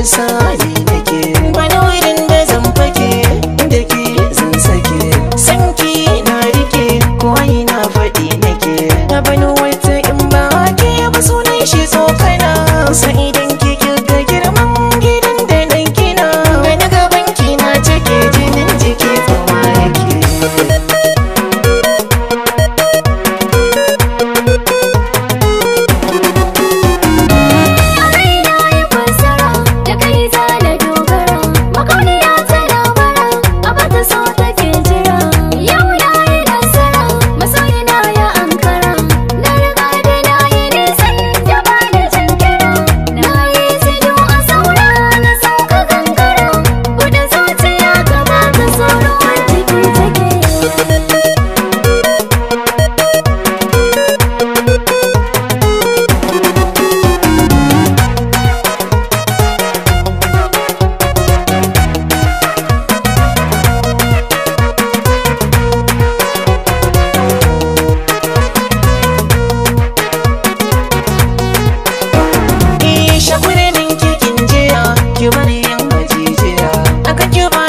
misali nake wani wurin da zan fake da ke zan sake sanki na rike ko na faɗi nake abin wata in ba ke ba sunan shi tsokana sa idan ki bari in gajijiya aka ki